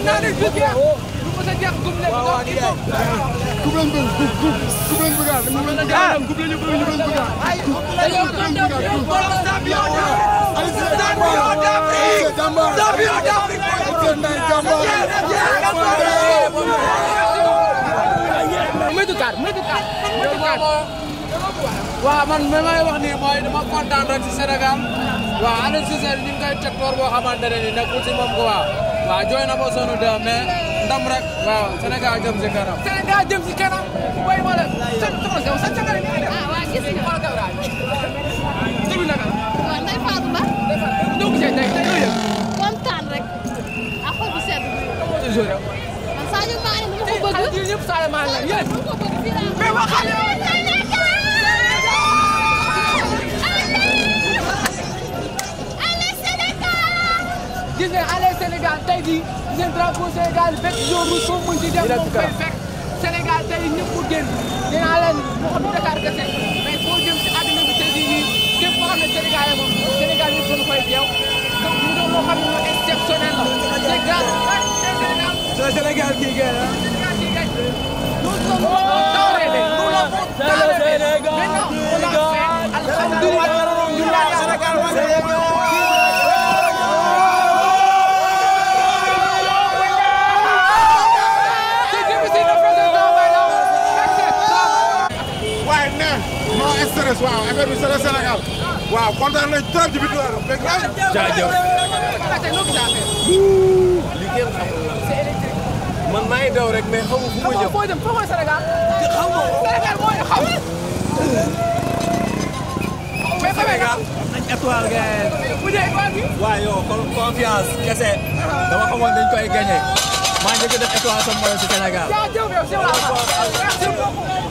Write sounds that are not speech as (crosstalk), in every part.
naanay dugg yaa lu mos a jeex gub a a a a gub. champion ma may wax nii ci Sénégal waaw Aliou Cissé ñu ngi koy teg boo xamante ne nii nekkul ci moom quoi waaw jooy na ba sonn ndam rek waaw Sénégal jëm si kanam. Sénégal jëm si ma la seen tool yow seen càkkari nii def. Ah, waa gis nga xool kaw daal. bi naka la. waaw Ndeye Fatou Ba. ñoo ah, ko gisee tey Sénégal tey jii seen drapeau Sénégal fekk jour bi foofu mu ngi ci dem moom koy fekk Sénégal tey ñëpp génn dinaa leen waxoon Dakar kese mais foo jëm ci àddina bi tey jii nii képp koo xam ne Sénégal moom Sénégal yëpp dañu koy jeew donc mu doon moo xam ne moom exceptionnel la c'est grave c'est Sénégal. c'est Sénégal kii gagne ah. Sénégal kii gagne. waaw kontaan nañ trop ci victoire bi. jaajëf li ngeen xamul man maa ngi daw rek mais xamu fu ma jëm. foo jëm foo mooy Sénégal. te xam nga Sénégal moo ñu xam. mais Sénégal. nañ étoile gaye. bu dee étoile bi. waaw yow confiance kese. dama xamoon dañ koy gagné. maa njëkk def étoile sama morom si Sénégal. jaajëf yow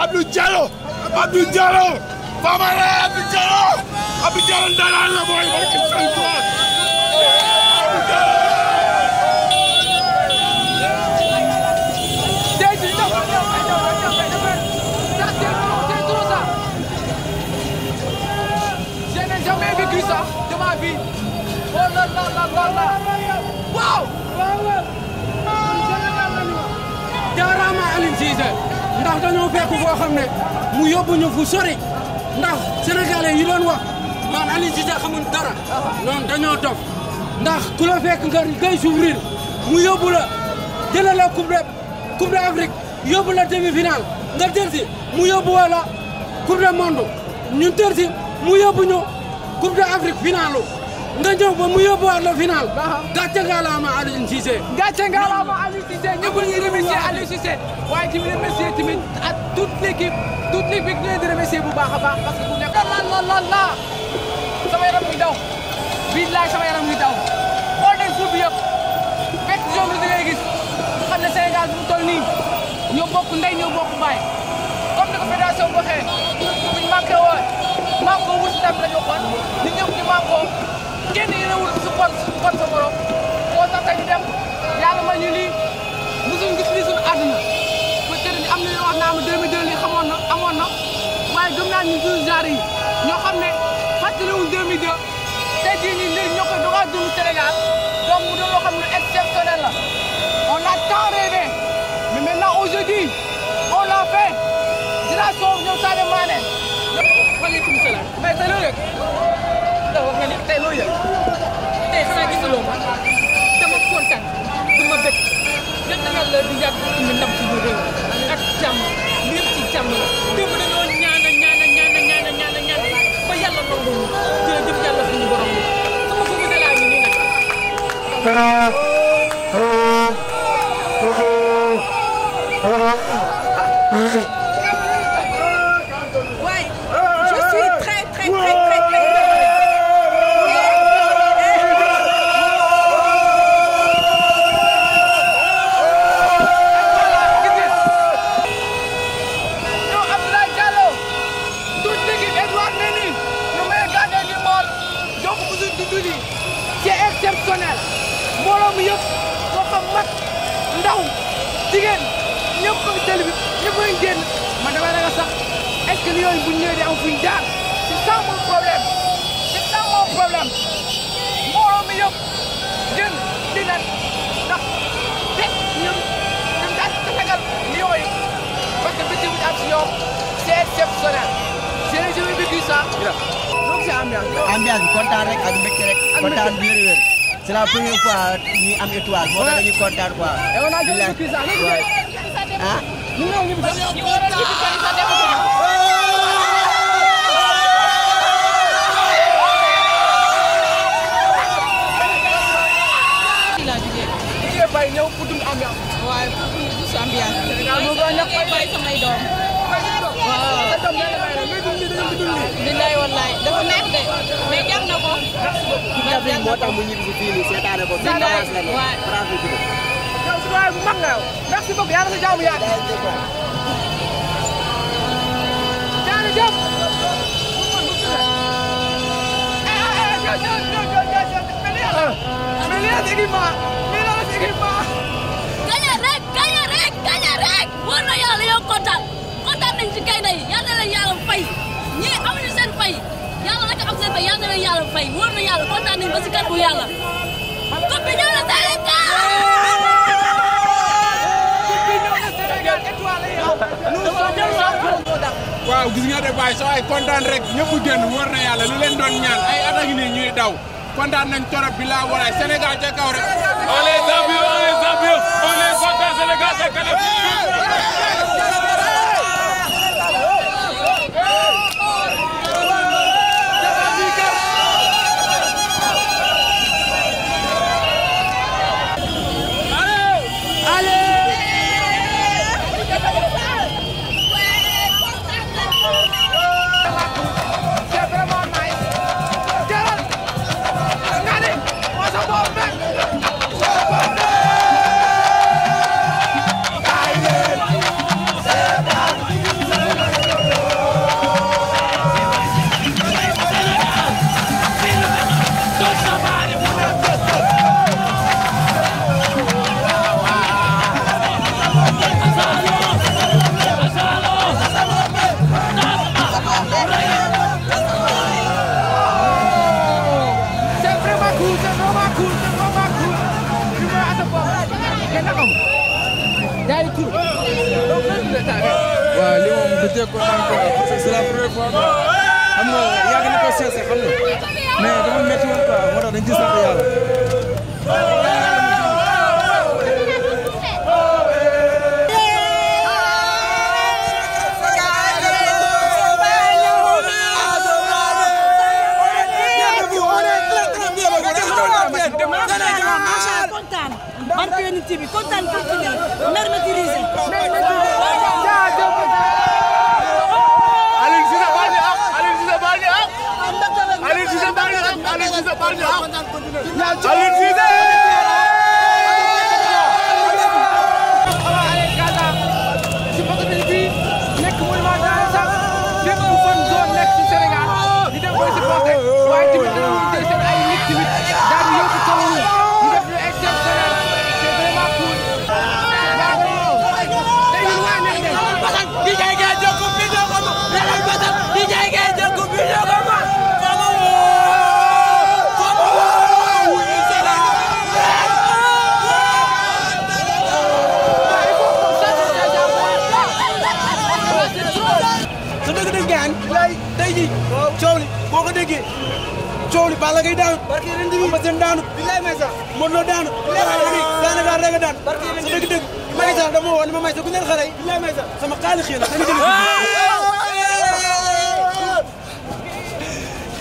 Abdou Diallo Abdou Diallo Famara Abdou Diallo Abdou Diallo ndaanaan la mooy barke Sëñ Tuubaa waaw jaaraama Aliou ndax dañoo fekk foo ne mu yóbbu ñu fu sori ndax sénégalais yi doon wax man Aliou Cissé dara noonu dañoo dof ndax ku la nga ngay souffrir mu yóbbu la jëlee la coupe de coupe d'Afrique yóbbu la demi nga jël mu yóbbu wala coupe du monde ñu jël si mu yóbbu ñu coupe nga ñëw ba mu yóbbuwaat la final. gàcce nga la ama Aliou nga la ama Aliou Cissé waaye di remercier tamit ak toute l' équipe toute l' équipe ñu leen di remercier bu yaram ngi daw billaay sama yaram ngi daw xool nañ suuf bi yëpp benn zone bi da ngay gis xam ne Sénégal bu mu toll nii ñoo bokk ndey ñoo bokk ko fédération waxee buñ manqué woon manqué wu si tamit kenn yéenewul su kon kon sa borom moo tax dañu dem yàlla ma ñu lii musuñ gis lii suñu àdduna peut-être am na yoo wax naa ma 2002 lii xamoon na amoon na waaye gëm naa ñu suñu genre yi ñoo xam ne fàttaliwuñ 2002 tey jii nii léegi ñoo koy doxal dund Sénégal donc mu doon loo xam ne exceptionnel la on a tant rêvé mais maintenant aujourd'hui on l'a fait génération ñoom Sadio Mané. waaleykum salaam mais c'est tax wax nga ni tey looy yëg tey xanaa gisaloo ma dama kontaan du ma bëgg ñun da nga la di yàgg indi ndam ci biir réew ak jàmm lépp ci jàmm la démb dañoo ñaana ñaana ñaana ñaana ñaana ñaana ba yàlla nangu ñu jërëjëf yàlla suñu borom bi sama bëgg dalaa ngi nii nag Mm-hmm. que Lions yi bu ñu ñëwee di am fu ñu jaar c'est ça mon problème c'est ça mon problème mbooloo mi yëpp gën di naan ndax teg ñun ñun daal di tegal Lions yi parce que bëccëg bu ñu am si ñoom c'est exceptionnel c'est le jeu bi gis ça. donc c'est ambiance bi. ambiance bi kontaan rek ak mbégte rek. ak mbégte kontaan bi wér-wér. c'est la première fois ñuy am étoile moo tax ñu kontaan quoi. et on a gën a gis ça léegi. ah. ñu ngi woon ñu ngi doon ñu ngi woon ñu ngi doon bëggoon na koy bay samay doom. billaay wallaay dafa neex de mais jar na ko. ndax jar na ko moo tax mu ñibbi si fii nii seetaane ko. billaay waay yow si doyen bu mag nga yow ndax si bopp yaa ngi sa jaamu yaa ngi. jaajëf. ah ah ah jërëjëf jërëjëf jërëjëf. mais li nga xam ne équipement. fay wóor na yàlla kontaan nañu ba si kanamu yàlla. coupe bi ñëw na Sénégal. waaw gis nga de Baye soo ay kontaan rek ñëpp génn wóor na yàlla li leen doon ay at a ñuy daw kontaan nañ torop bi laa walaay Sénégal ca kaw rek. on est champion on est champion on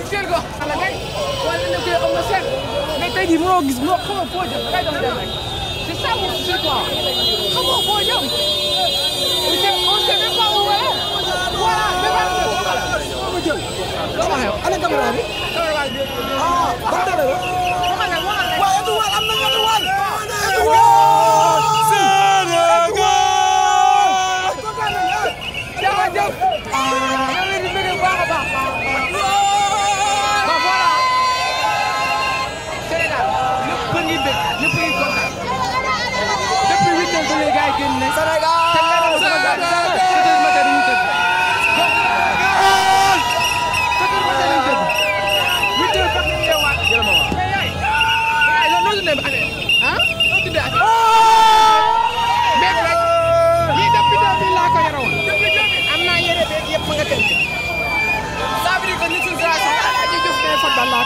teel ko xala ngay wala na ko am na seen mais tey jii mënoo gis mënoo xamoo foo jëm dangay doon dem rek c'est ça mon souci quoi xamoo foo jëm on sait on sait même pas où on est voilà defal ko ko jël loo waxee ana caméra bi ah ban dara la waxal waxal waaye du waal am na ñetti waal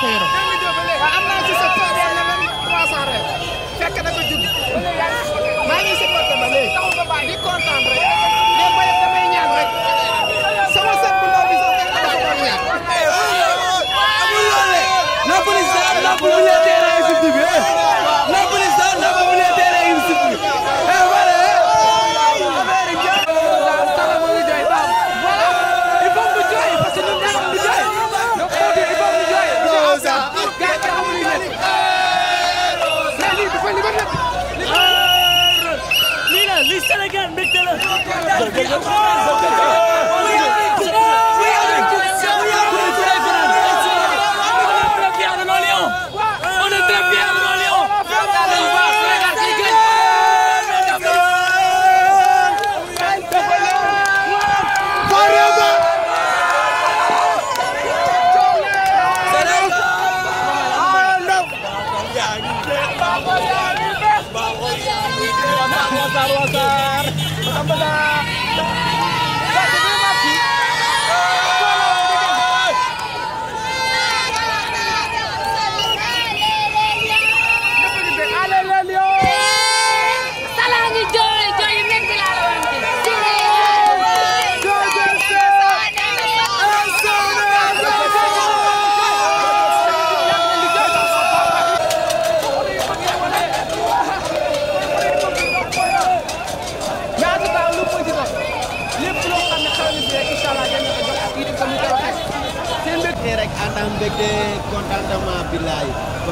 ko yoroon. waaw am naa ci sa tool yi na vingt trois cent rek fekk na ko judd. maa ngi supporté ba léegi di kontaan rek mais mooy damay ñaan rek sama sët bu ndaw bi sax fekk na ko doon ñaan. amul loole. na police am na bu ñu leen teeree effectif bi 走，走，走，走，走。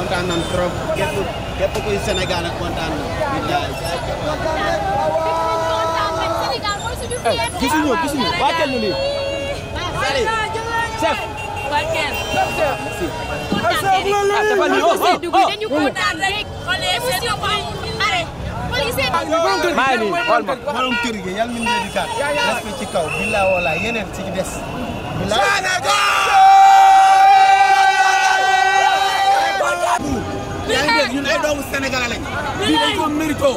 kontaan nañ trop képp képp kuy Sénégal ak kontaan nañ. bilaay. gisuñu gisuñu wàccal ñu lii. Sali. chef. wàccal. merci. maa ngi nii xool ma. borom kër gi yàlla nañu leen di ci kaw. nag ñun ay doomu Sénégal lañ. lii dañ ko mérito.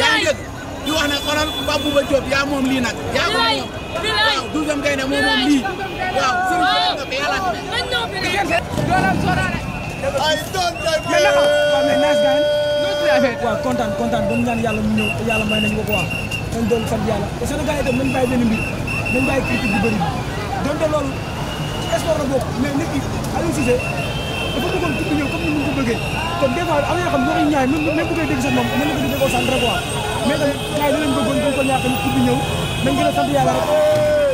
yaa ngi dégg di wax ne xoolal Pape Bouba Diop yaa moom lii nag. yaa ko moom waaw douzième Gaïndé moo moom lii waaw sëriñ bi yàlla ay doon jaay booy yéen waaw kontaan kontaan ba mu ñaan yàlla mu ñëw te yàlla may nañu ko ko wax dañ doon sant yàlla te Sénégal itam nañ bàyyi benn mbir nañ bàyyi critique bu bëri donte loolu sport la bokk mais nit ki Aliou Cissé dafa bëggoon tudd yow comme ni mu ko bëggee kon des fois am na yoo xam ne waxuñu ñaay même même bu koy dégg sax moom mën na ko déggoo sant rek waa mais tamit ñaay dinañ bëggoon dañ ko ñaax tamit tudd ñëw nañ gën a sant yàlla rek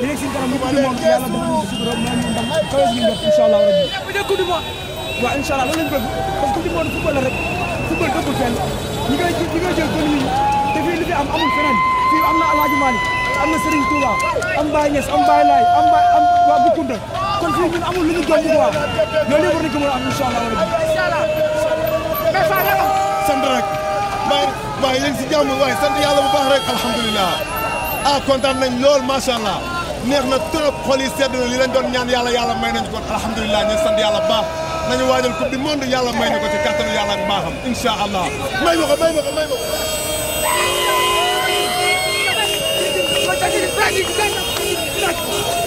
di nekk seen kanam bu tudd moom yàlla dafa ñu sutura moom ñu ndam kawe ñu def incha allah rabbi waaw incha allah loolu lañ bëgg parce que coupe du monde football la rek football dëgg kenn ñi koy ñi koy jël kon ñu te fii li fi am amul feneen fii am na Alaaji Maalik am na Serigne Touba am Baye Niass am Baye Laay am Baye am waa Boukounda kon fii ñun amul a am incha allah rabi. sant rek waaye waaye yéen si jàmm waaye sant yàlla bu baax rek alhamdulilah ah kontaan nañ lool macha allah neex na trop xol li leen doon ñaan yàlla yàlla may nañ ko alhamdulilah ñu sant yàlla baax nañu waajal coupe du monde yàlla may ñu ko ci kattanu yàlla may ma may ma ko may ma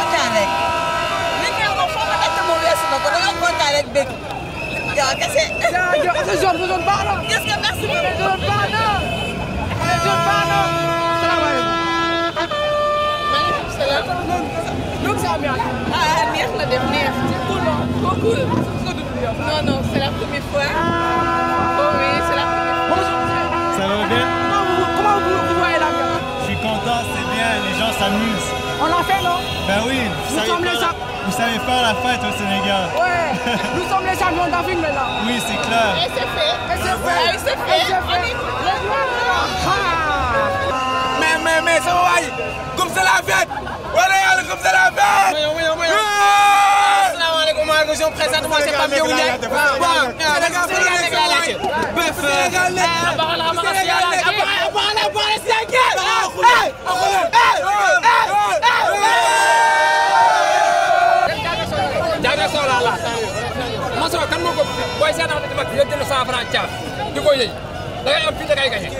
kontaan rek li nga xam foo ko natt mu weesu na ko da nga kontaan rek bëgg yaa kese. jaajëf sa zone ba zone baax na. est-ce que merci beaucoup. zone baax na. zone baax na. salaamaaleykum. maaleykum salaam. donc ça va. ah neex na dem neex. c'est cool non trop cool. non non c'est la première fois. Ah. oh oui c'est la première fois. bonjour. ça va bien. Ah, comment vous comment vous voyez la Je suis content c'est bien les gens s'amusent. On en fait, non Ben oui Nous savez sommes pas, les champ... Vous savez faire la fête au Sénégal. Ouais Nous sommes les champions d'Afrique maintenant. (laughs) Oui, c'est clair. Et c'est fait. Et c'est ah fait. Et c'est fait. Et c'est fait. Ah. Mais, mais, mais, ça va Comme c'est la fête Voilà, comme c'est la fête Oui, oui, oui. Assalamu alaikum, je présente moi, c'est pas Miouniak. Sénégal, Sénégal, Sénégal. Bœuf. Sénégal, Sénégal. yëkkati la 100 francs caaf di ko yëy da ngay am fii da ngay gañe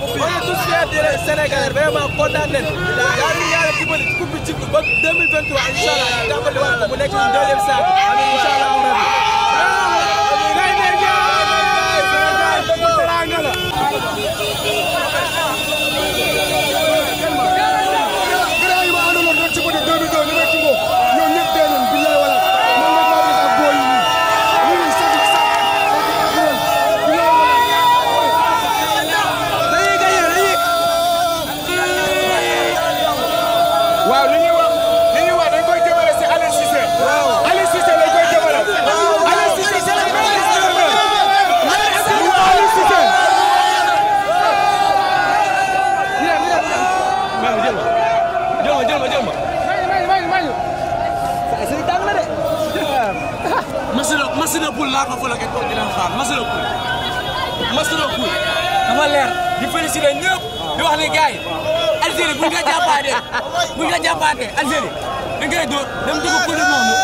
on est tous fiers des Sénégalais vraiment kontaan nañu. yaa ngi yàlla dimbali ci coupe bi ci ba 2023 incha allah ñu tàmbaliwaat ko mu nekk une deuxième saison. amiin incha allah félicité ñëpp di wax ne gars yi Algérie buñ ko jàppaatee buñ ko jàppaatee Algérie dañ koy dóor dem dugg coupe du monde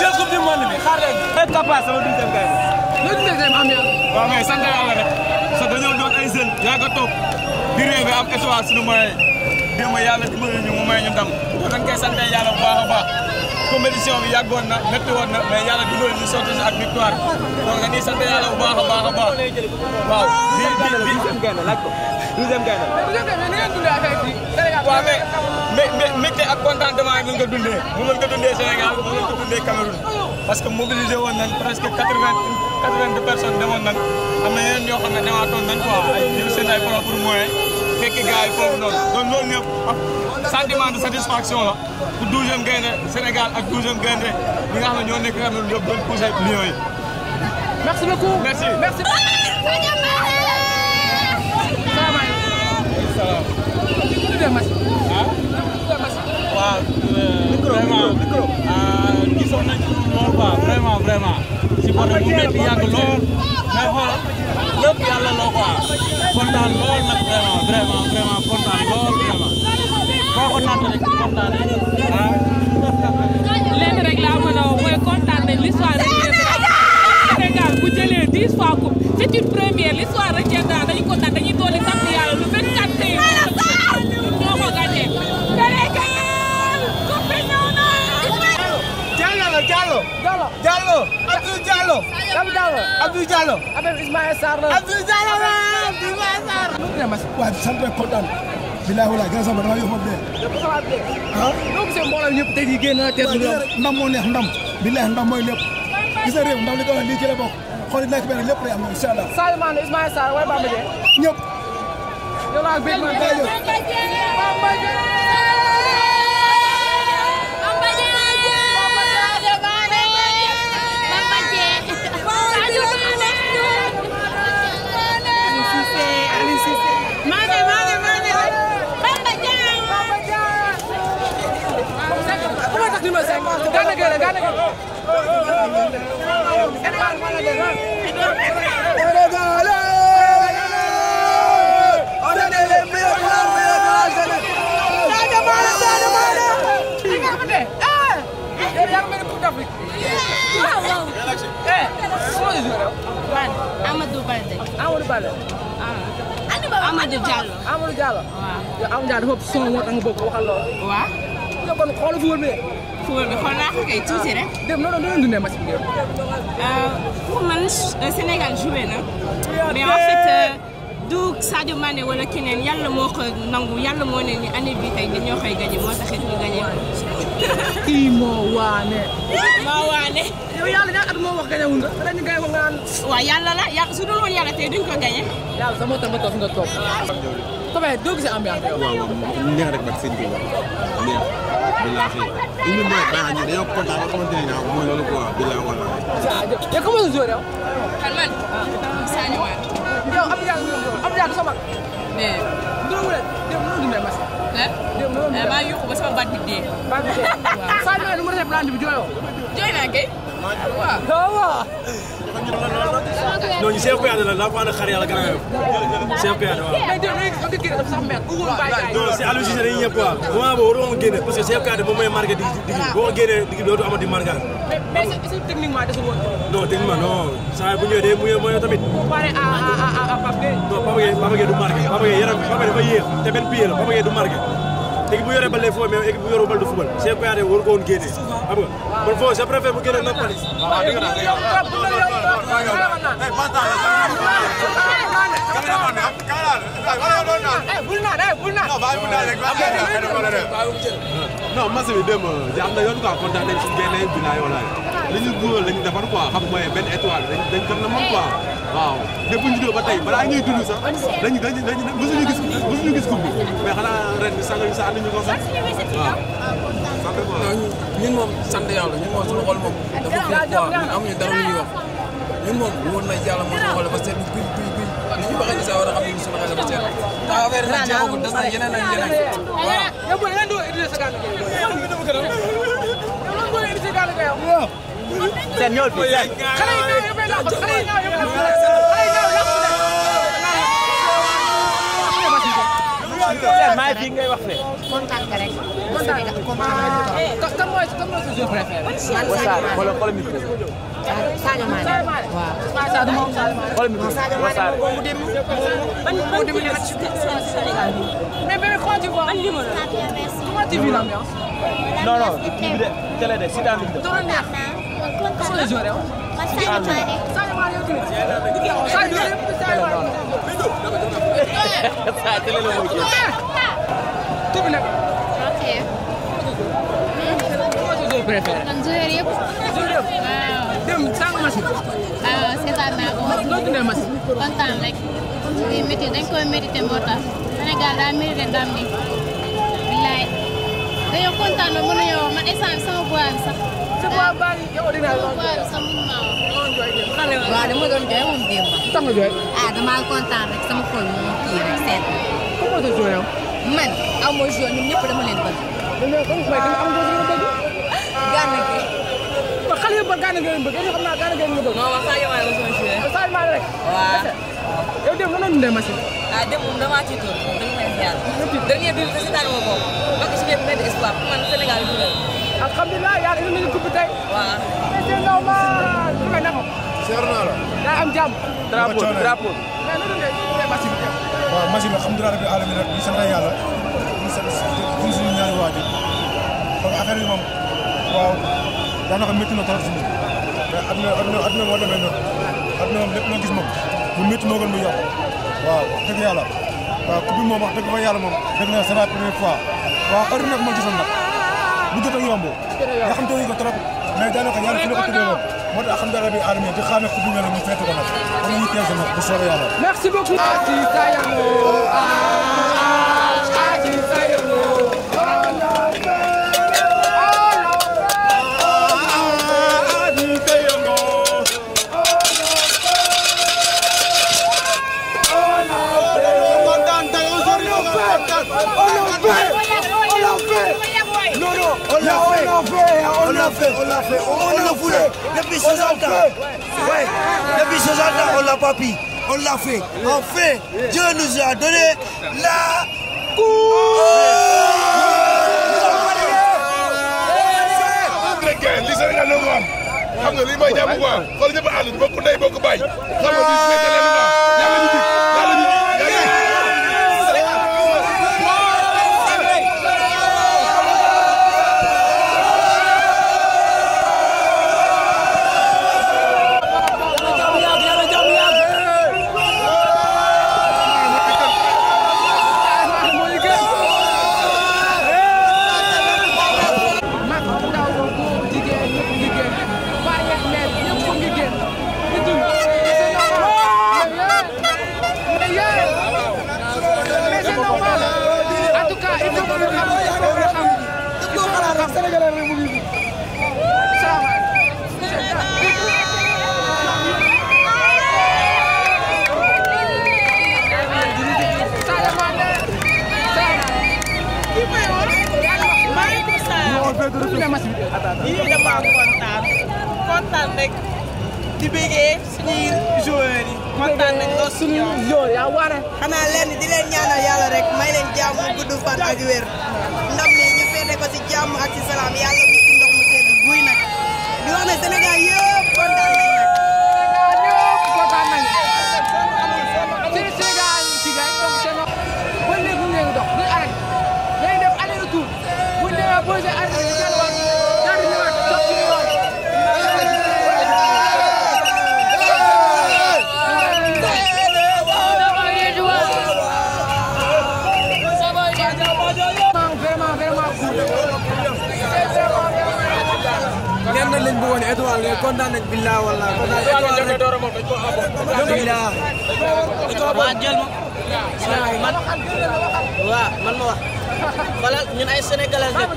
jël coupe du monde bi xaar leen. rek Kapa sama deuxième gars yi. loolu deuxième am yow. waaw mais sant yàlla rek parce que dañoo doon ay jeunes yaa ngi ko toog di rêve am étoile suñu moyen démb yàlla dimbali ñu mu may ñu ndam kon dañ koy sant yàlla bu baax a baax. compétition bi yàggoon na métti woon na mais yàlla dimbali ñu sotti si ak victoire donc dañuy sant yàlla bu a a baax douzième gaynde la. douzième gaynde ni ak contentement yi nga dundee. mu mën ko dundee Sénégal mu mën ko dundee parce que mobilisé woon nañ presque quatre vingt quatre vingt deux personnes demoon nañ am na yeneen yoo xam ne demaatoon nañ quoi ay jël seen ay propres moyens fekk gars yi foofu noonu. donc loolu ah, satisfaction la pour douzième Sénégal ak douzième gaynde ñi nga xam ne ñoo nekk Cameroun yëpp doon poussé lions waaw. waaw. micro micro gisoon nañ ci loolu quoi vraiment vraiment. si côté bu métti yàgg lool. mais xoolal lépp yàlla loo quoi. kontaan lool nag vraiment vraiment vraiment kontaan lool vraiment. boo ko naatee rek kontaan nañ. lenn rek laa mën a wax mooy kontaan nañ l'histoire reviendra Sénégal bu jëlee dix fois coupe c'est une première l'histoire reviendra dañu kontaan dañuy dolli sax. Habib Diallo Habib Diallo. Habib Ismaïla Sarr la. Habib Diallo la Ismaïla Sarr. waaw sant ak kontaan. bilay walaay gën a samba damaa yóbbu dee. ah. donc seen mbooloo ñëpp tey jii génn teetu ndam moo neex ndam. bilay ndam mooy lépp. gis nga réew ndam li ko wax lii ci la bokk. xool nekk benn lépp day am incha allah. Sadio Mané Ismaïla Sarr wala Bamba Dieng. ñëpp. yow ak Bamba Dieng. Gana Gueye la Gana Gueye Amadou Baldé. Amadou Baldé. Amadou Diallo. Amadou Diallo. waaw yow Amadou Diallo dafa sonn moo tax nga bokk waxal loolu. waaw. yow kon xoolal football bi de. football bi xool naa ko kay tuuti rek. dem noonu noonu dundee match bi euh, pour man euh, Sénégal joué na. mais en fait euh, du Sadio Mané wala keneen yàlla moo ko nangu yàlla moo ne ni année bii tey dañoo koy gagné moo taxit ñu gagné ko. kii moo waane. moo waane. yow yàlla ñaata at moo wax gagné wu nga. ren ñu gagné ko nga naan. waaw yàlla la yàlla su dul woon yàlla tey duñ ko gagné. yàlla sama tax ma toog nga toog. waaw. Kobay doo gisee ambiance. waaw waaw neex rek nag sëñ bi wax neex. billaahi li ñu may baax ñu dañoo kontaan ba xamante ne ñaaw mooy loolu quoi billaahi wallaahi. yow comment nga joué yow. man man ah, Sadio Wade. yow Abidjan Abidjan du sa mag. mais. Ndiobo leen démb noonu dundee Massi. démb noonu dundee eh, maa ngi yokk ba sama baat bi dee. baat bi dee (laughs) waaw. Sadio Wade mu rafet plan bi jooyoo. jooy naa kay. waaw waaw. ñooñu Cheikh Kouyaté la daa ko ànd ak xar yàlla gën a yomb. Cheikh Kouyaté waaw. mais déedéet rek am na génn sax mère bu wóor bàyyi gars yi. non si Aliou Cissé dañuy ñëpp quoi moment boobu waroon nga génne parce que Cheikh Kouyaté moom mu ñëw mooy tamit. comparé à à à à du marqué Pape Gueye yaram Pape Gueye dafa te benn pied la Pape Gueye du marqué. équipe bu yoree bal lay foofu mais équipe bu yoree bal du fubal Cheikh Kouyaté waru ko woon génne xam nga man foofu je préfère mu génne Nampalys. waaw dëgg la non match bi démb jaar na yoon quoi kontaan nañ suñu génne bi naa yoo laay li ñu góor lañu defar quoi xam mooy benn étoile dañ dañ gën a mën quoi waaw ñëpp ñu juddoo ba tey balaa ñuy dund sax dañu dañ dañ mësuñu gis mësuñu gis coupe bi mais xanaa ren sa ànduñu ko sax waaw ñun moom sant yàlla ñun moom suñu xol moom dafa quoi ñun amuñu dara lu ñuy moom wóor na yàlla moo suñu xol ba seet bi bi bi ni ñu waxee ni sax war a xam ne suñu xel seen ñëwal fii seen. seen maa ngi fi ngay wax fee. kontaan nga rek. kontaan nga kontaan. kan mooy kan mooy sa joueur préféré. Sadio Mané xoolal xoolal micro bi. Sadio Mané waaw. Sadio moom xoolal micro bi. Sadio Mané moom mu dem mu dem match Sénégal bi. mais bébé comment tu vois. ban numéro la. comment tu vis l'ambiance. non non. télé de si daan les joueurs yow. man Sadio Mané. Sadio Mané yow tamit. Sadio Mané Sadio Mané. Sadio Mané yow tamit. tur bi nag. ok. comment tu joueur préféré. man joueur yëpp. joueur yëpp. waaw. dem sànq Massi. waaw seetaan naa ko. noo tuddee Massi. kontaan rek. lii métti dañ koy mérité moo tax. Sénégal daa mérité ndam bi. bilaay. dañoo kontaan ba mënuñoo man instant sama bois bi sax. waaw dama doon jooy woon démb. tax nga jooy. ah damaa kontaan rek sama xol moo kii rek seet. comment tu joué yow. man aw ma joué ñun ñëpp dama leen bëgg. mais comme Mbaye dama am doon bëgg. gànn gi. ba xale yëpp ba gànn gi leen bëgg yow xam naa gànn gi leen bëgg. non waaw Sadio Mané la sama joué. Sadio Mané rek. waaw yow démb lan la ñu dundee machine. ah démb moom damaa ciy tóor dama leen jaar. dernier bi bi seetaan moo ko. parce que su fekkee benn espoir man Sénégal bi la. alhamdulilah yàlla indi nañu kubbi tey. waaw. monsieur Ndao ma dugg na ko. seer naa la. yaa am jàmm. drapeau drapeau. mais loolu de bu dee machine bi. waaw machine bi alhamdulilah rabbil alamin rek ñu sant yàlla ñu sant suñu ñaari waajur kon affaire bi moom waaw daanaka métti na trop suñu mais at na at na at na moo demee noonu at na moom lépp loo gis moom bu métti moo gën muy yokku waaw wax dëgg yàlla waaw kubbi moom wax dëgg fa yàlla moom dëgg na c'est la première fois waaw heure nag moo gisoon nag. bu jot a yomb nga xam te wuñ ko trop mais daanaka ko tuddee woon moo tax xam dara bi armé di xaame ko bu mel mu feete ko nag am nañu 15 nag bu soobee yàlla merci beaucoup a fait. On, on, on le voulait depuis 60 ans. Ouais, depuis 60 ans, on l'a pas pris. On l'a fait. Enfin, Dieu nous a donné la coupe. xam nga lii mooy jàmm quoi xool ñëpp ànd bokk ndey bokk baay xam nga lii bëggee suñuy joueurs yi. kontaan nañ lool suñu joueurs yaa a. leen di leen ñaanal yàlla rek may leen jàmm gudd fan ak wér ndam li ñu féete ko ci jàmm ak ci salaam yàlla. kontaan nañ bilaa wala kontaan nañ ko war a ko bilaa. waaw man ma wax. wala ñun ay sénégalais lañ.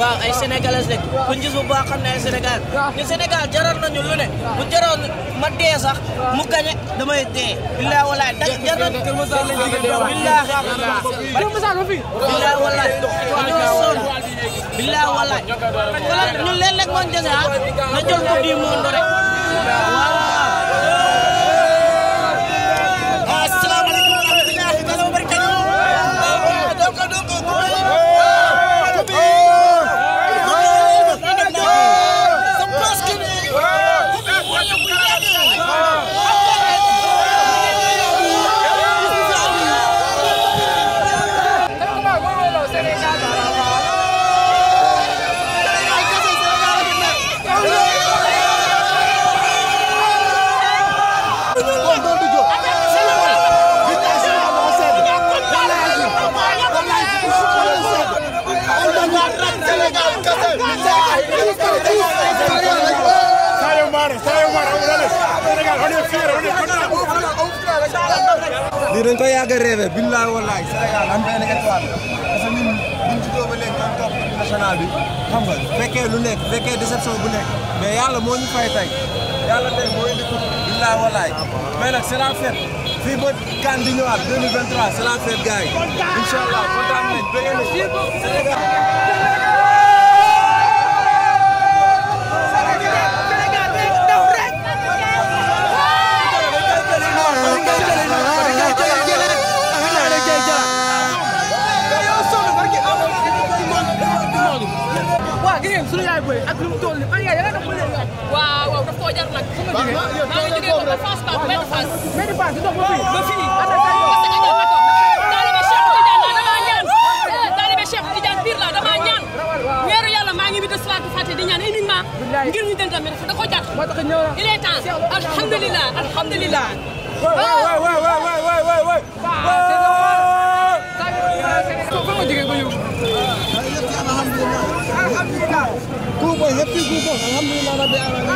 waaw ay sénégalais lañ. ku ñu gis ne ay sénégalais. ñun Sénégal jaral nañu lu ne. bu jaroon ma dee mu gañe damay dee. bilaa walaay da jar nañu. Kër Masar lañ jógee bilaa. billaa walaay ñun léeg-léeg moo ñu dese ah na jël coupe du monde rek dañ ko yàgg a rêvé billaay wallaay Sénégal am benn étoile parce que ñun buñ ci dóoba léegi topp national bi xam nga fekkee lu nekk fekkee déception bu nekk mais yàlla moo ñu fay tey yàlla tey moo indi ko billaay wallaay mais nag c'est fii ba kan di ñëwaat 2023 c'est la fête gars yi incha allah kontaan nañ bëgg nañ Sénégal bëri ak lu mu toll nii Maria yàlla def bëri ak. waaw waaw daf koo jar nag. fu nga jógee maa ngi jógee ba Fass Pass benn Fass. benn Fass dox ba fii ba fii. taalibe Cheikh Tidiane la damaa ñaan. taalibe Cheikh Tidiane pire la damaa ñaan. weeru yàlla maa ngi bind salaatu fàtte di ñaan uniquement. ngir ñu dendam dafa da koo jar. moo tax ñëw il est temps alhamdulilah alhamdulilah. waaw waaw waaw waaw waaw waaw waaw. waaw. Group of happy group of alhamdulillah rabbil alamin.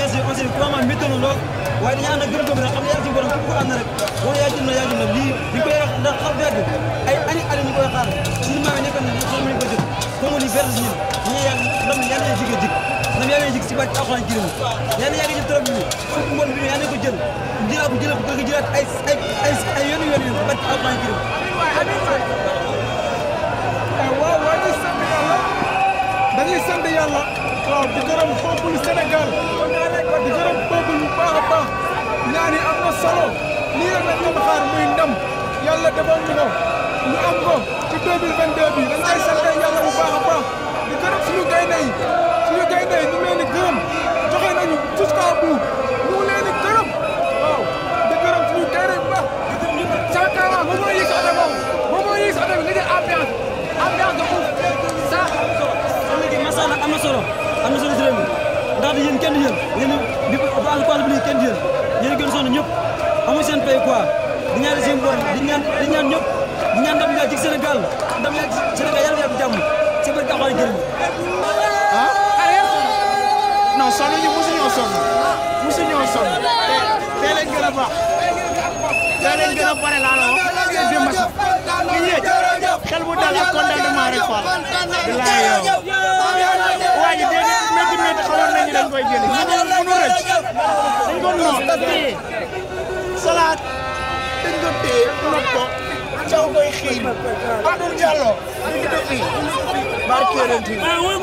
merci on s'est vraiment métti na lool waaye dañu ànd ak gërëm rek xam ne yàlla suñu borom ku ko ànd rek wala yaa jëm na yaa jëm na lii ñu koy wax ndax xam yàgg ay ani ani ñu koy xaar suñu maam yi nekkoon na xam nañu ko jël comme ni vert ñun ñu yàgg ndam yàlla ñu jigee jig ndam yàlla ñu jig si bàcc alxuraan jëriñ yàlla yàgg jël trop bi fukk mbon bi yàlla ko jël jëlaat ko jëlaat ko jëlaat ay ay ay yoon yoon yoon bàcc alxuraan jëriñ dañuy sant yàlla waaw di gërëm peuple Sénégal di gërëm peuple bu baax a baax am na solo lii rek lañ doon xaar muy ndam yàlla defal ñu ko ñu am ko a baax di gërëm suñu gaynde yi suñu gaynde yi gërëm joxe nañu jusqu'à bout ñu gërëm di gërëm suñu gaynde bu baax Sankara moom moo yëg sa moom moo yëg sa sax nag am na solo am na solo si réew mi ndaxte yéen kenn yéen yéen di ba alcool bi nii kenn yéen yéen a gën sonn ñëpp amul seen pay quoi di ñaan seen borom di ñaan di di ñaan ndam yaa ci Sénégal ndam yaa ci Sénégal yàlla yàlla jàmm ci bëri taxawaay jëriñ. ah. non sonn ñu mosuñoo sonn mosuñoo sonn te tey lañ gën a baax tey lañ gën a bare laa xel bu dal ak contentement rek Fall. bilaay yow waa ji dégg métti métti xamoon nañu dañ koy jëli mënul mënul rëcc dañ ko noot téye salaat dañ ko téye noot ko caw koy xiin Abdou Diallo dañ ko fii barke renti mais wuy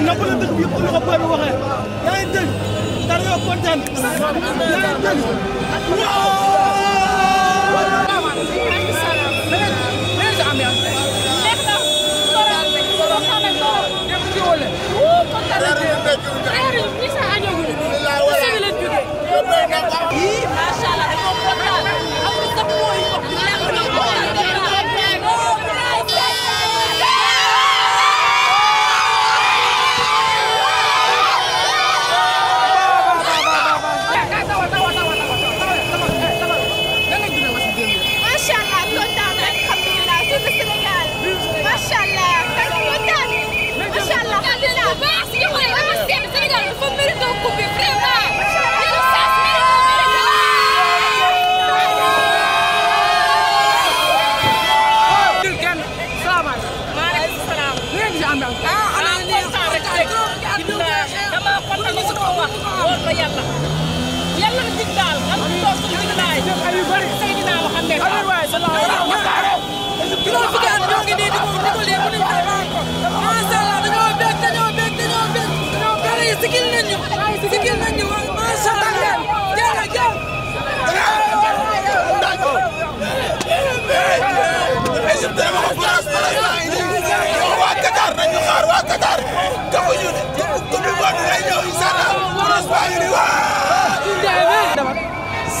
bi naka la dëkk bi yëpp lu ko booy bi waxee yaa ngi dégg dara yoo kontaan yaa ngi dégg Yii kafuñu ne coupe du monde lay ñëw incha allah pour Espagne di waa.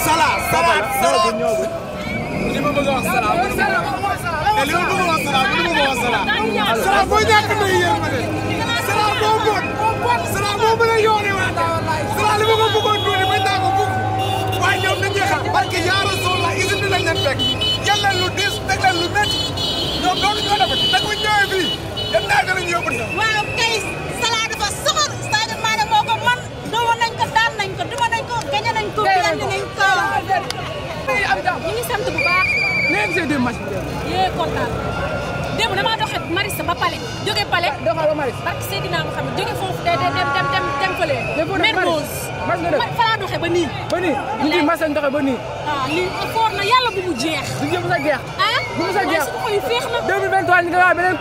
Salah Salah Salah. li ma bëgg a wax Salah. Eh, te li ma bëgg a wax Salah li ma bëgg a wax Salah. Salah boo ñàkk ndey yéen ma de. Salah boo bon. Salah boo mën a yoone waat. Salah li ma ko bëggoon tuuti bañ naa ko bugg. waaye ñoom dañuy xam parce que yaa Rasulullah usine bi lañ leen fekk. jël leen lu diis teg leen lu métti. ñoom loolu ñoo defati nag bu ñu ñëwee fii dem naa gën a yóbbu. waaw kay. gañe nañ ko andi nañ ko. ñu ngi sant bu baax. léegi c'est deux matchs. yéen kontaan démb doxe Marissa ba Palais jóge Palais. doxal ba Marissa. parce que Seydina mu xam ne jóge foofu day dem dem dem dem fële. doxe ba nii. ba nii ñu ngi mas doxe ba nii. ah lii ah, fort na yàlla bu mu jeex. du jéem sa jeex. ah bu mu sa jeex waaye suñu xol yi féex na. 2023 ñu ngi lay beneen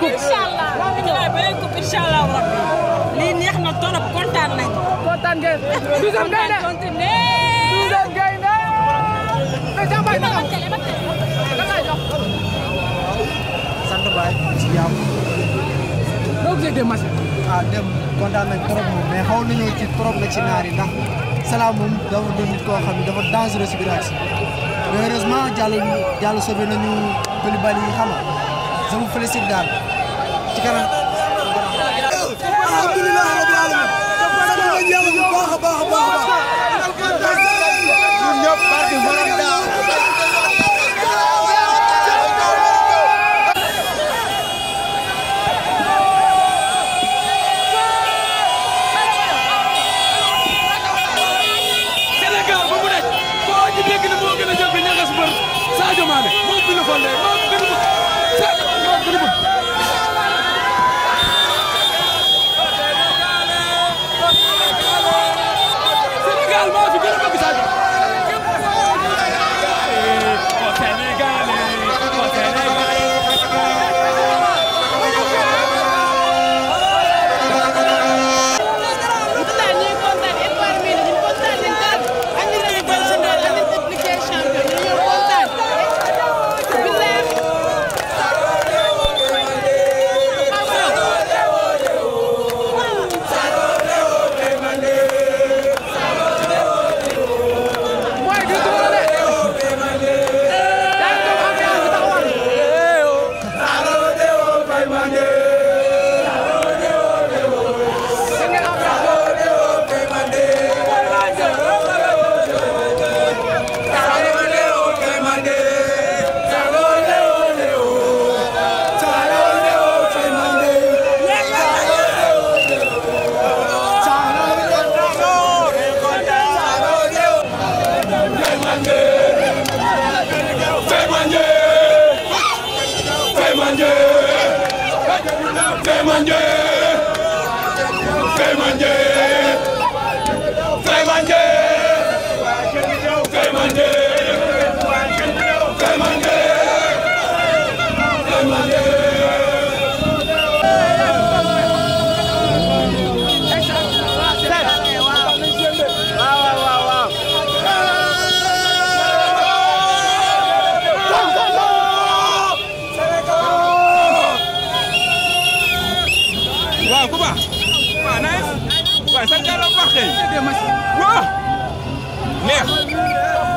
coupe. incha allah ñu lii neex na torop kontaan nañ kontaan ngeen (laughs) Douze am gaynde Douze am gaynde sant baay ci jàmm noo gisee dem match ah dem kontaan nañ trop moom mais xaw nañoo ci trop na ci naar yi ndax Salah moom dafa doon nit koo xam ne dafa dangereux si biir si mais heureusement Diallo Diallo sauvé nañu Koulibaly yi xam nga je vous félicite daal ci kanam alhamdulilah rabbil alamin sant nañ yàlla bu baax a baax a baax a baax ñun ñëpp parti Maranda Sénégal ba mu nekk koo ci dégg ne moo gën a jël bi ñagas mbër Sadio Mané moom bi la fa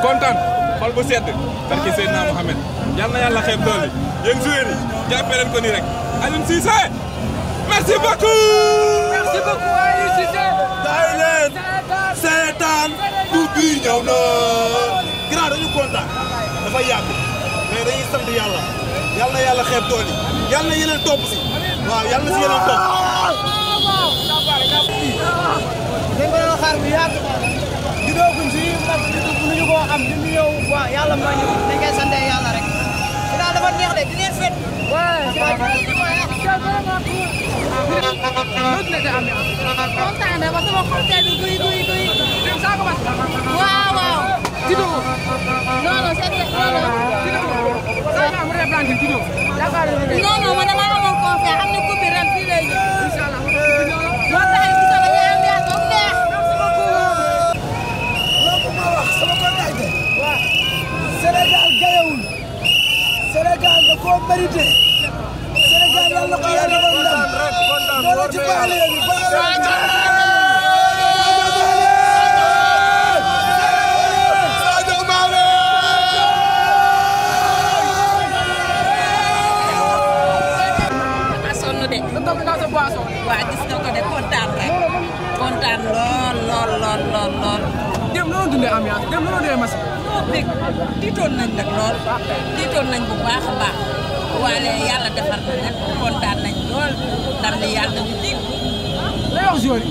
kontaan xol bu sedd barki Seydina Mohamed yal na yàlla xeeb doole yéen joueurs yi jàppee leen ko nii rek Aliou Cissé merci beaucoup. merci beaucoup Aliou Cissé. daay leen seetaan du bii kontaan dafa yàgg mais dañuy sant yàlla yal na yàlla xeeb doole yi yal topp si waaw yal si yeneen topp. dañ ko doon xaar bu yàgg. di dooguñ si. parce que mënuñu koo xam ñu ñëw waaw yàlla moo ñu dañ koy sant yàlla rek. dinaa dafa neex de di ngeen fët. waaw waaw. Dido. non non c'est vrai non non. Dido. non non man damaa amoon confiance xam ne coupe bi ren fii lay ñëw. incha allah. koo mérité Sénégal yàlla na ko yàlla defal ndam loolu ci baale yi baale waa gis nga ko de kontaan rek kontaan lool lool lool lool lool. dem noonu dundee ambiance dem noonu dundee machine. tiitoon nañ nag lool tiitoon nañ bu baax a baax waale yàlla defar na nag kontaan nañ lool ndam li yàlla ñu jiit lay wax joori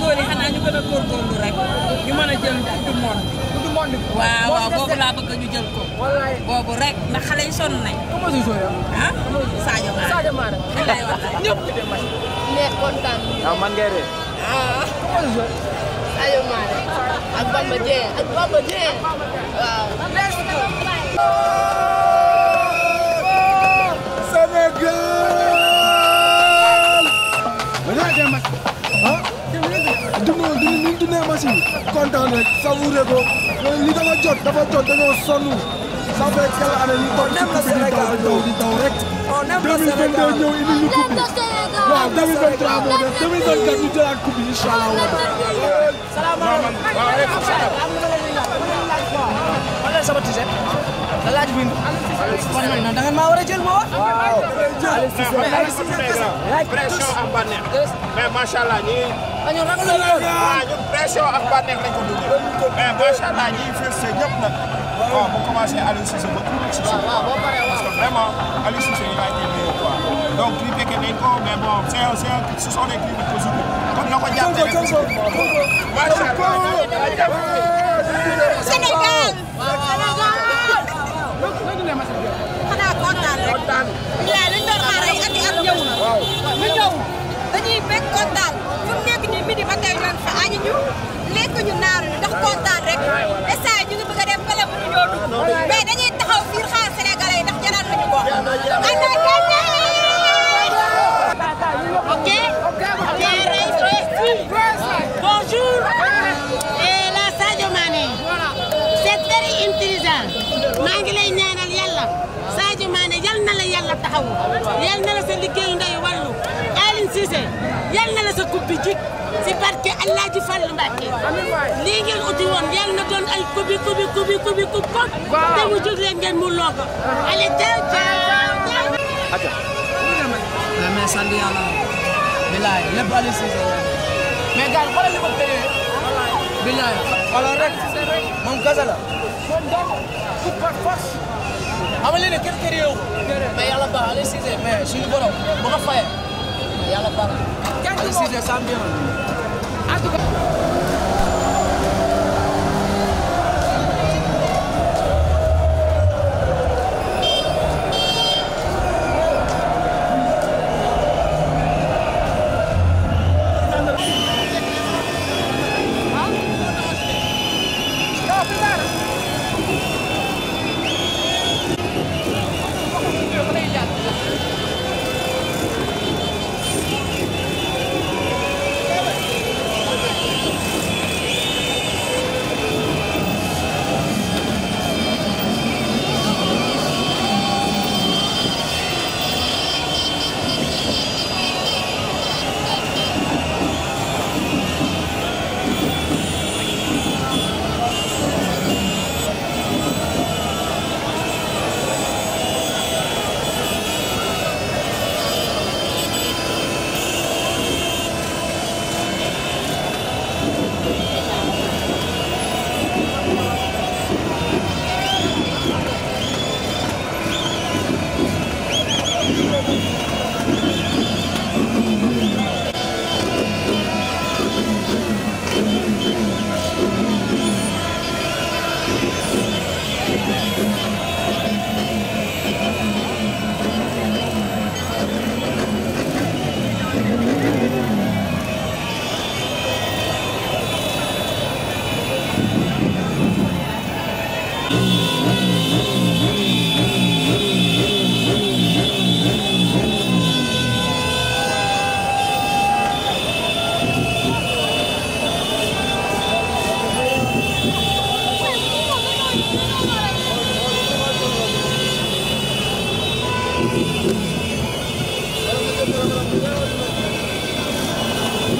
joori xanaa ñu gën a góorgóorlu rek ñu mën rek ndax xale yi sonn nañ ah Sadio Mané Sadio Mané lay wax ñëpp mais kontaan ah man ngay Aliou Mané ak Bamba Dieng ak Bamba Dieng waaw. kontaan rek savouré ko li dafa jot dafa jot dañoo sonn ça fait quelle année li ko ci di daw di daw rek 2022 ñëw indi ñu coupe bi waaw 2023 moo def 2024 ñu jëlaat coupe bi incha allah salaamaaleykum waaleykum salaam am na leneen laaj am na leneen laaj quoi. man war jël ma waaw pression ak bànneex. mais macha allah ñi. ah pression ak bànneex lañ ko dundee. mais macha nag. waaw mu commencé Aliou Cissé ba. waaw waaw boo paree waaw parce que vraiment Aliou Cissé ñu ngi quoi donc. nañ ko mais bon c' est c' est ce sont des cliniques positifs. kon nga ko jàppale ko macha allah. Sénégal. xanaa kontaan rek. kontaan. yaa ngi doon xaar ay at i at ñëw. waaw ñu ñëw dañuy fekk kontaan fu mu nekk nii midi ba tey ren fa añu ñu lekk ñu naaru ñu ndax kontaan rek instant yii ñu ngi bëgg a dem bële mënuñoo dugg mais dañuy. maa ngi lay ñaanal yàlla Sadio Mané yal na la yàlla taxawu yal na la sa liggéeyu ndey wàllu Aline Cissé yal na la sa coupe bi jik si barke allah ji Fallou Mbacké lii ngeen uti woon yal na doon ay kubi kubi kubi kubi kub kub te mu jóg leen ngeen mu loo ko ale teew teew mais sant yàlla bilaay lépp Aline Cissé mais gars xoolal li ma téye bilaay xoolal rek moom kese la kon donc tout par force. xam nga léegi kër yow. mais yàlla baax Aliou Cissé mais suñu borom bu ko fayee yàlla baax.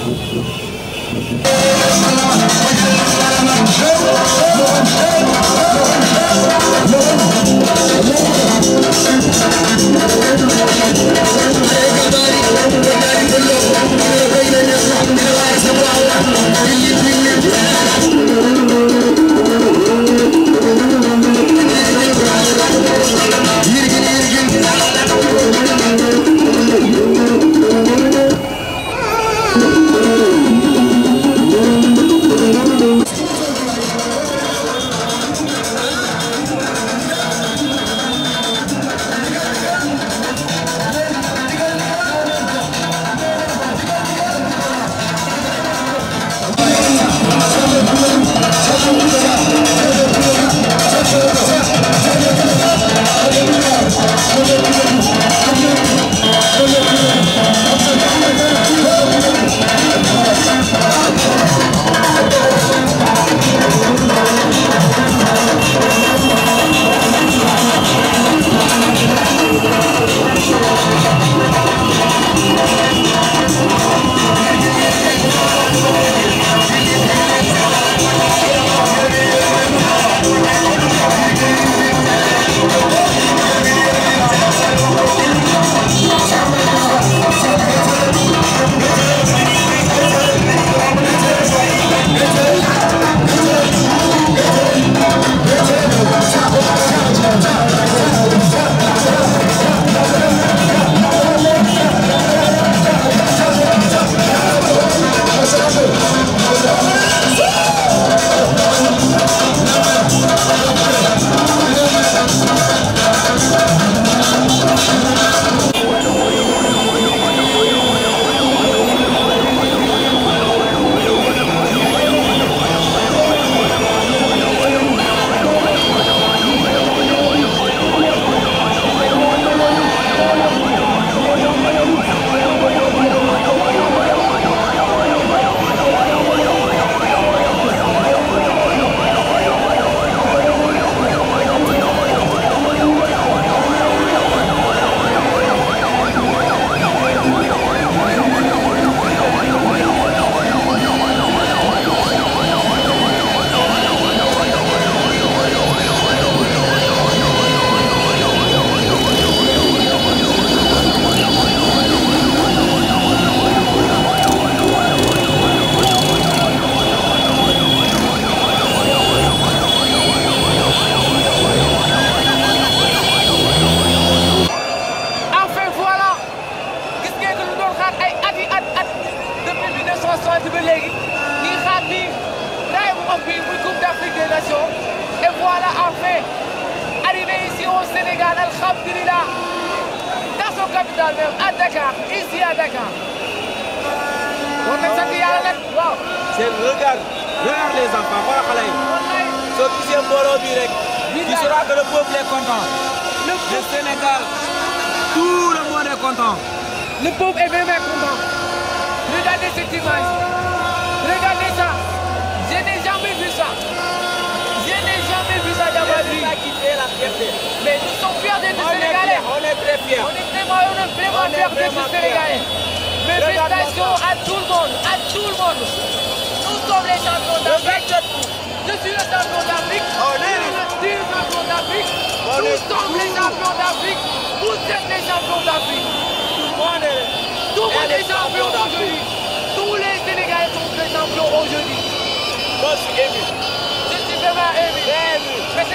Thank you.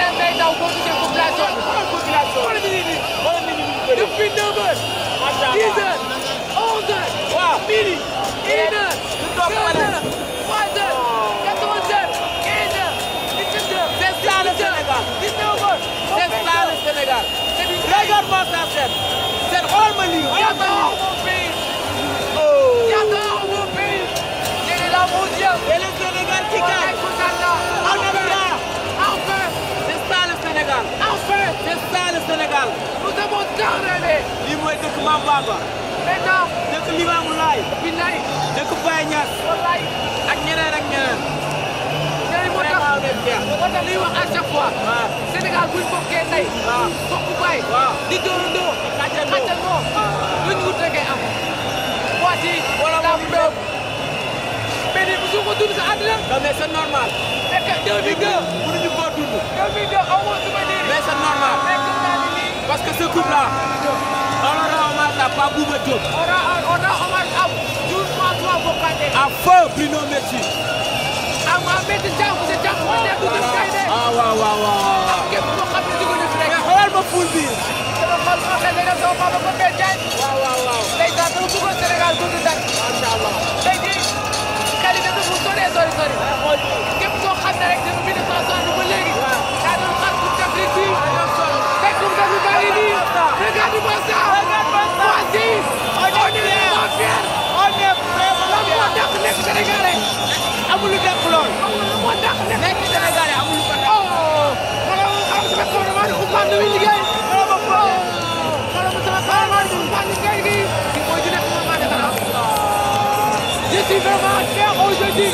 terrain day daw condition population bi. population bi wala ñu ngi nii wala nit ñi ñu ngi bëri. depuis deux heures. macha allah dix heures onze heures. waaw midi une heure. ñu toog fan la trois heures quatorze heures quinze heures dix sept heures. c'est ça le Sénégal dix neuf heures. c'est ça le Sénégal. c'est du réglementation seen. seen xoolal ma lii. j'adore mon pays. j'adore mon pays. j'ai les larmes aux yeux. et le Sénégal qui gagne. Sénégal. enfin c'est ça le Sénégal. nous avons tant rêvé. lii mooy dëkk Maam Bamba. maintenant dëkk Limaamu Laay. Bilaay dëkk Baye Niass. wallaay ak ñeneen ak ñeneen. ñeneen moo tax moo tax ñuy wax à chaque fois. Ah. Sénégal buñ bokkee tey. waaw ah. bokk baay. waaw ah. di dóorandoo. xàccandoo xàccandoo. luñ wut rek am. voici. wala moom la preuve. mais de bu su ko dund sa àddina. non mais c'est normal. c'est que 2002 mënuñu koo dund. 2002 amul souvenir. mais c'est normal. parce que ce couple là on rend hommage à Pape Bouba Diop. on rend hommage à Jules François Bocandé. à feu Bruno Metsu. ah waaw métti jàmm te jàmm moo nekk du kay de. ah waaw waaw waaw. am képp koo xam ne dugg na fi rek. mais xoolal ma ful bi. dama xool ma xel rek sama papa ko koy jaay. waaw waaw waaw. tey daal dama bëggoon Sénégal dund dal. macha allah. tey jii qualité bi mu sori sori sori. Je suis vraiment fier aujourd'hui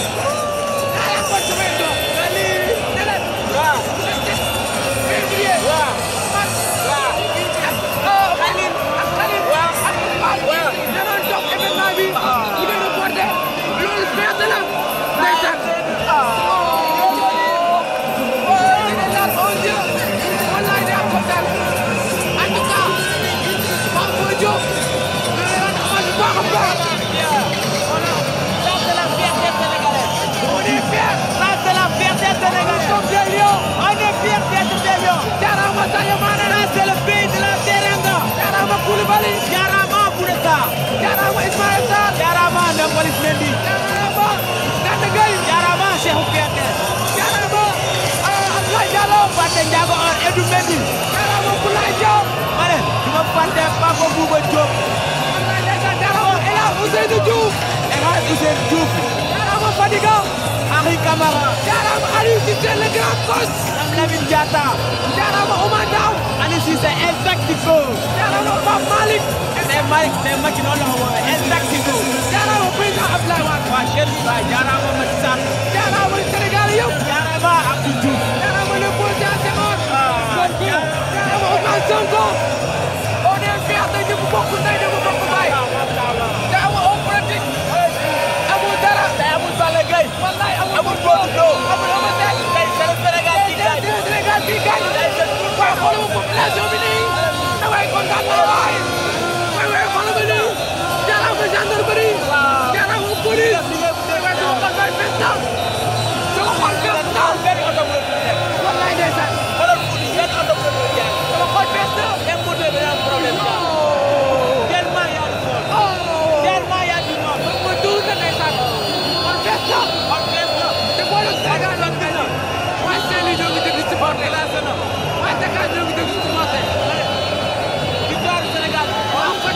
Seydou Mendy. Karama Boulaye Diop. ma ne du ma fàtte Papa Bouba Diop. Karama El Hadj Ousseynou Diouf. El Hadj Ousseynou Diouf. Karama Fadiga. Henri Camara. Karama Aliou Cissé le grand coach. Lam Lamine Diatta. Karama Oumar Ndao. Aliou Cissé exactico. Karama Pape Malick. mais Malick mais Macky noonu la ko woowee exactico. Karama président Abdoulaye Wade. waa Cheikh Ndiaye Karama Macky Sall. Ousmane Sonko on est fiers tey ñu bokk ndey ñu bokk baay te amul homme politique amul dara te amul Balla Gaye wallaay amul Modou Lo amul Eumeu Sène tey c'est Sénégal kii gagne tey Sénégal kii gagne waaye xoolal population bi nii damay kontaan naa waay waaye waaye xoolal bi nii jaaraama ba gendarmerie jaaraama police waaye sama xol fay fes na sama xol fes na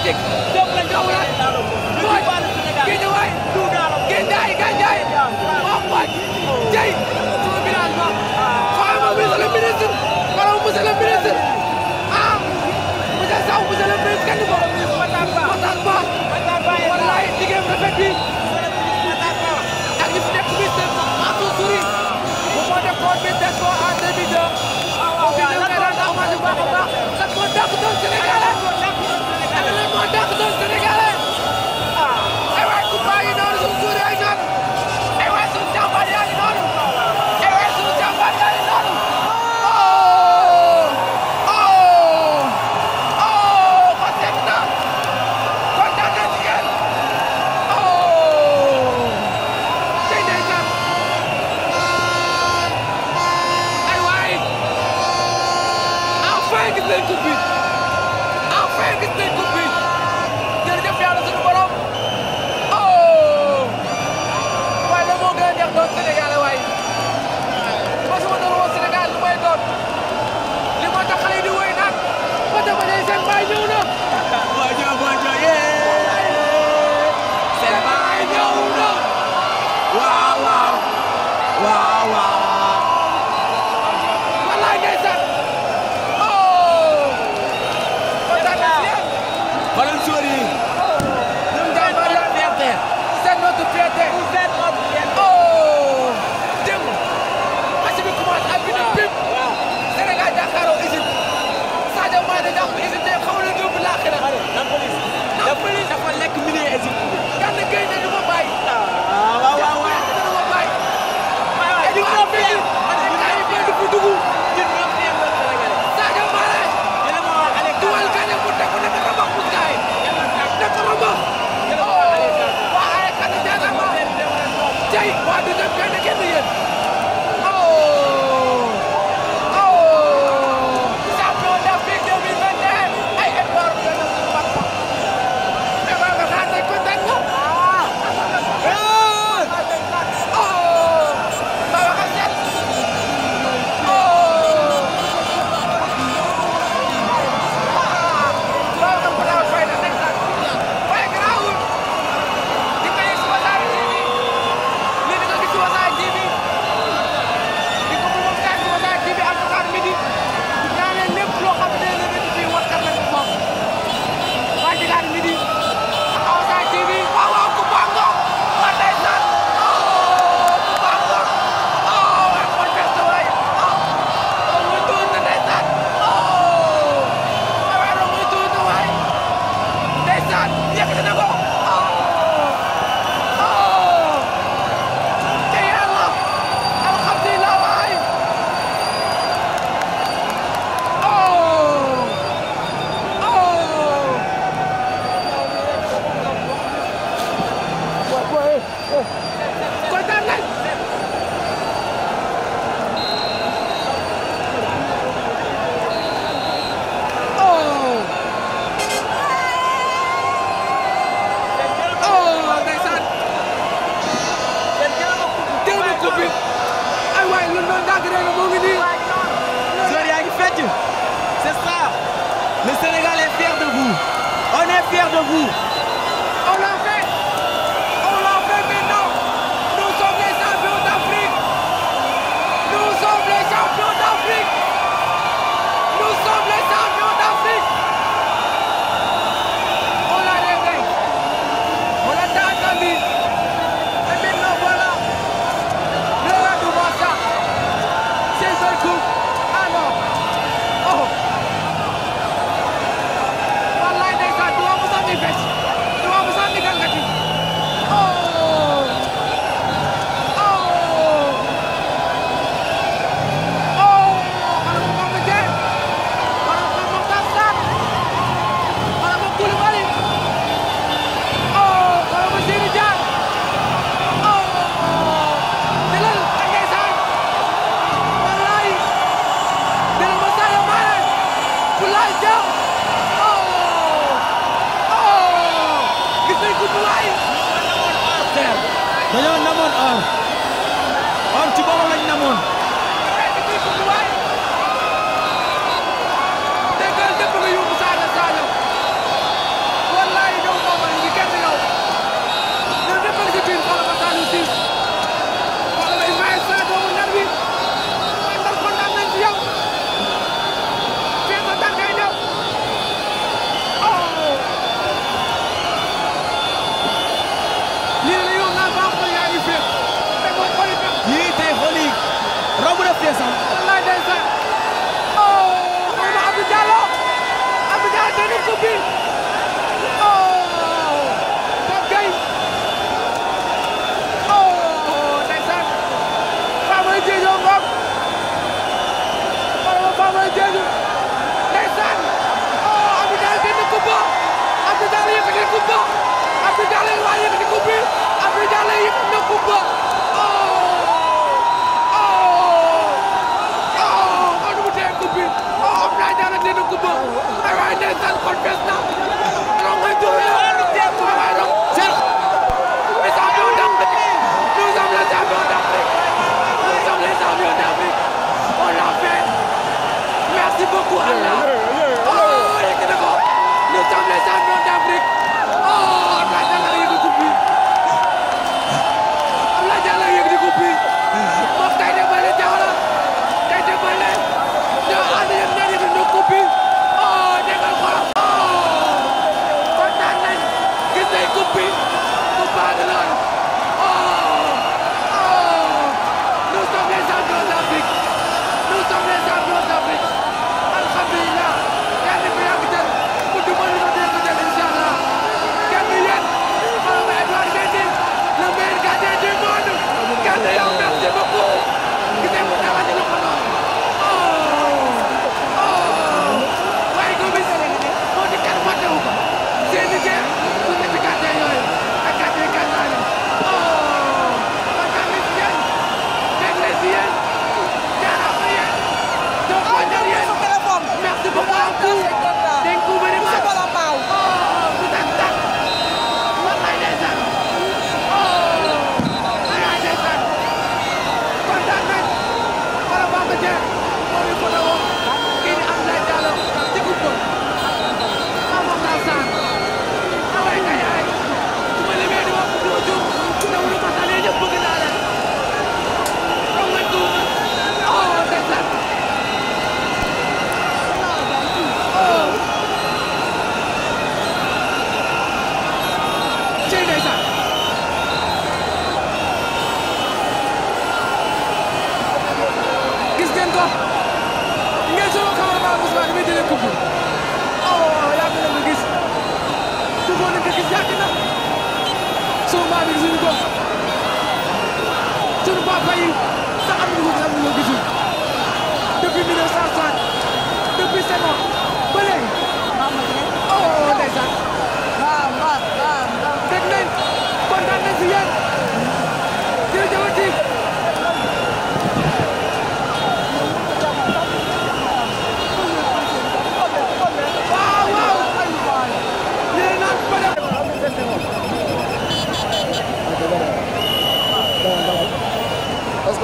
jeg Sénégal Let's go!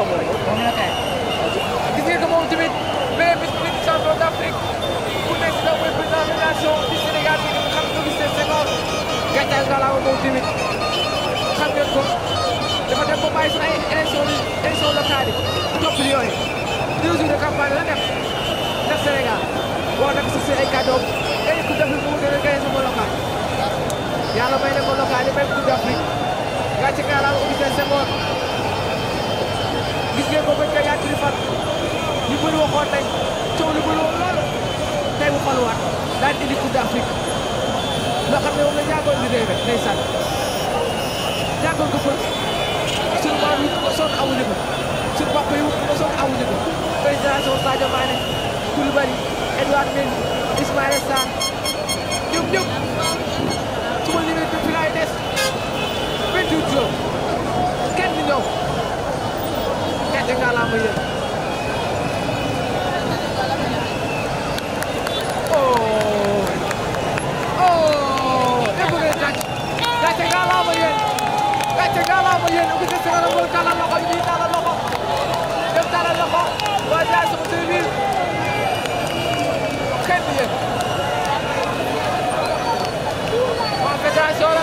komen. Onmogelijk. Gis nga que moom tamit mais bis bu ku nekk si mooy président de nation du Sénégal bi nga xam ne ko gis ne Senghor gàncax ga laa moom tamit xam ngeen ko dafa dem ba bàyyi suñu ay élection yi élection locale yi topp yooyu deux jours de campagne la def ndax Sénégal boo nekk si seen ay kàddoom ay coupe d'Afrique a may na ko local yi may coupe d'Afrique boobu dañ koy yaatu di fal ñu bëri waxoon tey coow lu bëri woon lool tey mu faluwaat daal di indi Coupe d'Afrique loo xam ne moom la ñaagoon di dee rek ndeysaan ñaagoon ko fa suñu maam yi ko soog awuñu ko suñu papa yi ko soog awuñu ko président Sadio Mané Koulibaly Edouard Mendy Ismaïla Sarr ñoom ñëpp dégg naa laa may yëg Gracias.